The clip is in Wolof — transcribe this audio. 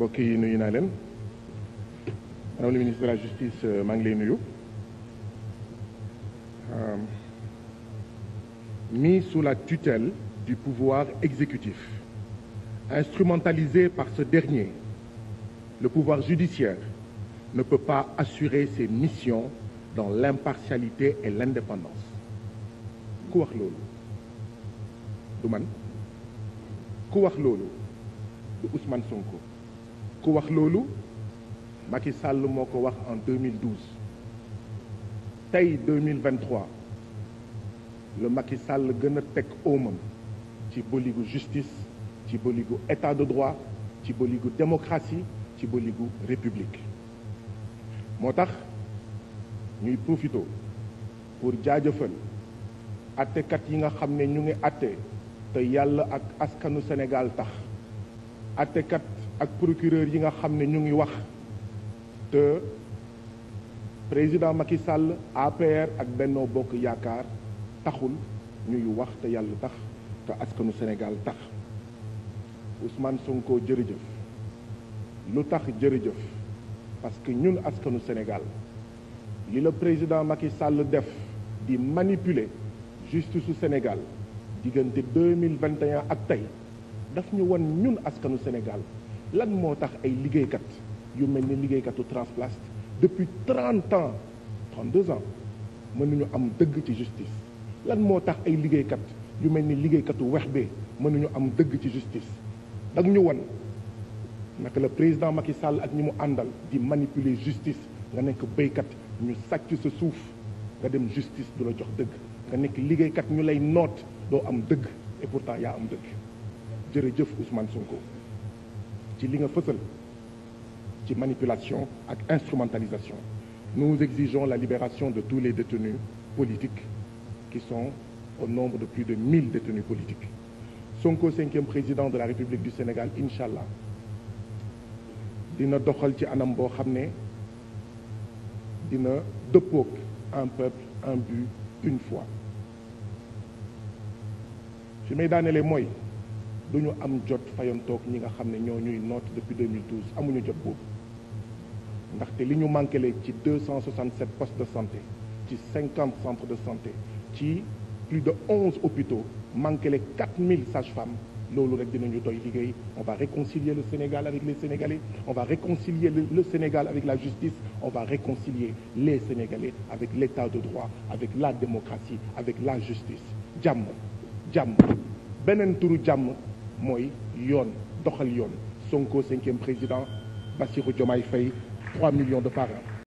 mbokk yi nuyu naa madame la ministre de la justice euh, maa ngi lay nuyu euh, mis sous la tutelle du pouvoir exécutif instrumentalisé par ce dernier le pouvoir judiciaire ne peut pas assurer ses missions dans l'impartialité et l'indépendance ku wax loolu du man ku wax loolu du Ousmane Sonko ku wax loolu Macky Sall moo ko wax en 2012 tey 2023 le sàll Sall gën a teg oomam ci bëligu justice ci bëligu état de droit ci bëligu démocratie ci bëligu république moo tax ñuy profito pour jaajëfal attekat yi nga xam ne ñu ngi atte te yàlla ak askanu Sénégal tax attekat ak procureur yi nga xam ne ñu ngi wax te président Macky Sall APR ak Benno Bokk Yaakaar taxul ñuy wax te yàlla tax te askanu Sénégal tax Ousmane Sonko jërëjëf lu tax jërëjëf parce que ñun askanu Sénégal li la président Macky Sall def di manipuler justice su Sénégal diggante 2021 ak tey daf ñu wan ñun askanu Sénégal lan moo tax ay liggéeykat yu mel ni liggéeykatu transplast depuis trente ans trente deux ans mënuñu am dëgg ci justice lan moo tax ay liggéeykat yu mel ni liggéeykatu wex bi mënuñu am dëgg ci justice dag ñu won naka la président Macky Sall ak ñi mu àndal di manipuler justice nga nekk béykat ñu sàcc sa suuf nga dem justice du la jox dëgg nga nekk liggéeykat ñu lay noot doo am dëgg et yaa am dëgg jërëjëf Ousmane Sonko. ci li nga fësal ci manipulation ak instrumentalisation nous exigeons la libération de tous les détenus politiques qui sont au nombre de plus de 1000 détenus politiques Sonko cinquième président de la République du Sénégal incha allah dina doxal ci anam boo xam ne dina dëppoog un peuple un but une foi fi may daanelee mooy du ñu am jot fayantoog ñi nga xam ne ñoo ñuy noot depuis 2012 amuñu jot boobu ndaxte li ñu manquele ci 267 postes de santé ci 50 centres de santé ci plus de 11 hôpitaux manquele 4000 sages-femmes loolu rek dinañu doy liggéey on va réconcilier le Sénégal avec les Sénégalais on va réconcilier le Sénégal avec la justice on va réconcilier les Sénégalais avec l'état de droit avec la démocratie avec la justice jàmm jàmm beneen turu jàmm mooy yoon doxal yoon Sonko cinquième président Bassirou Diomaye Faye 3 millions de parrains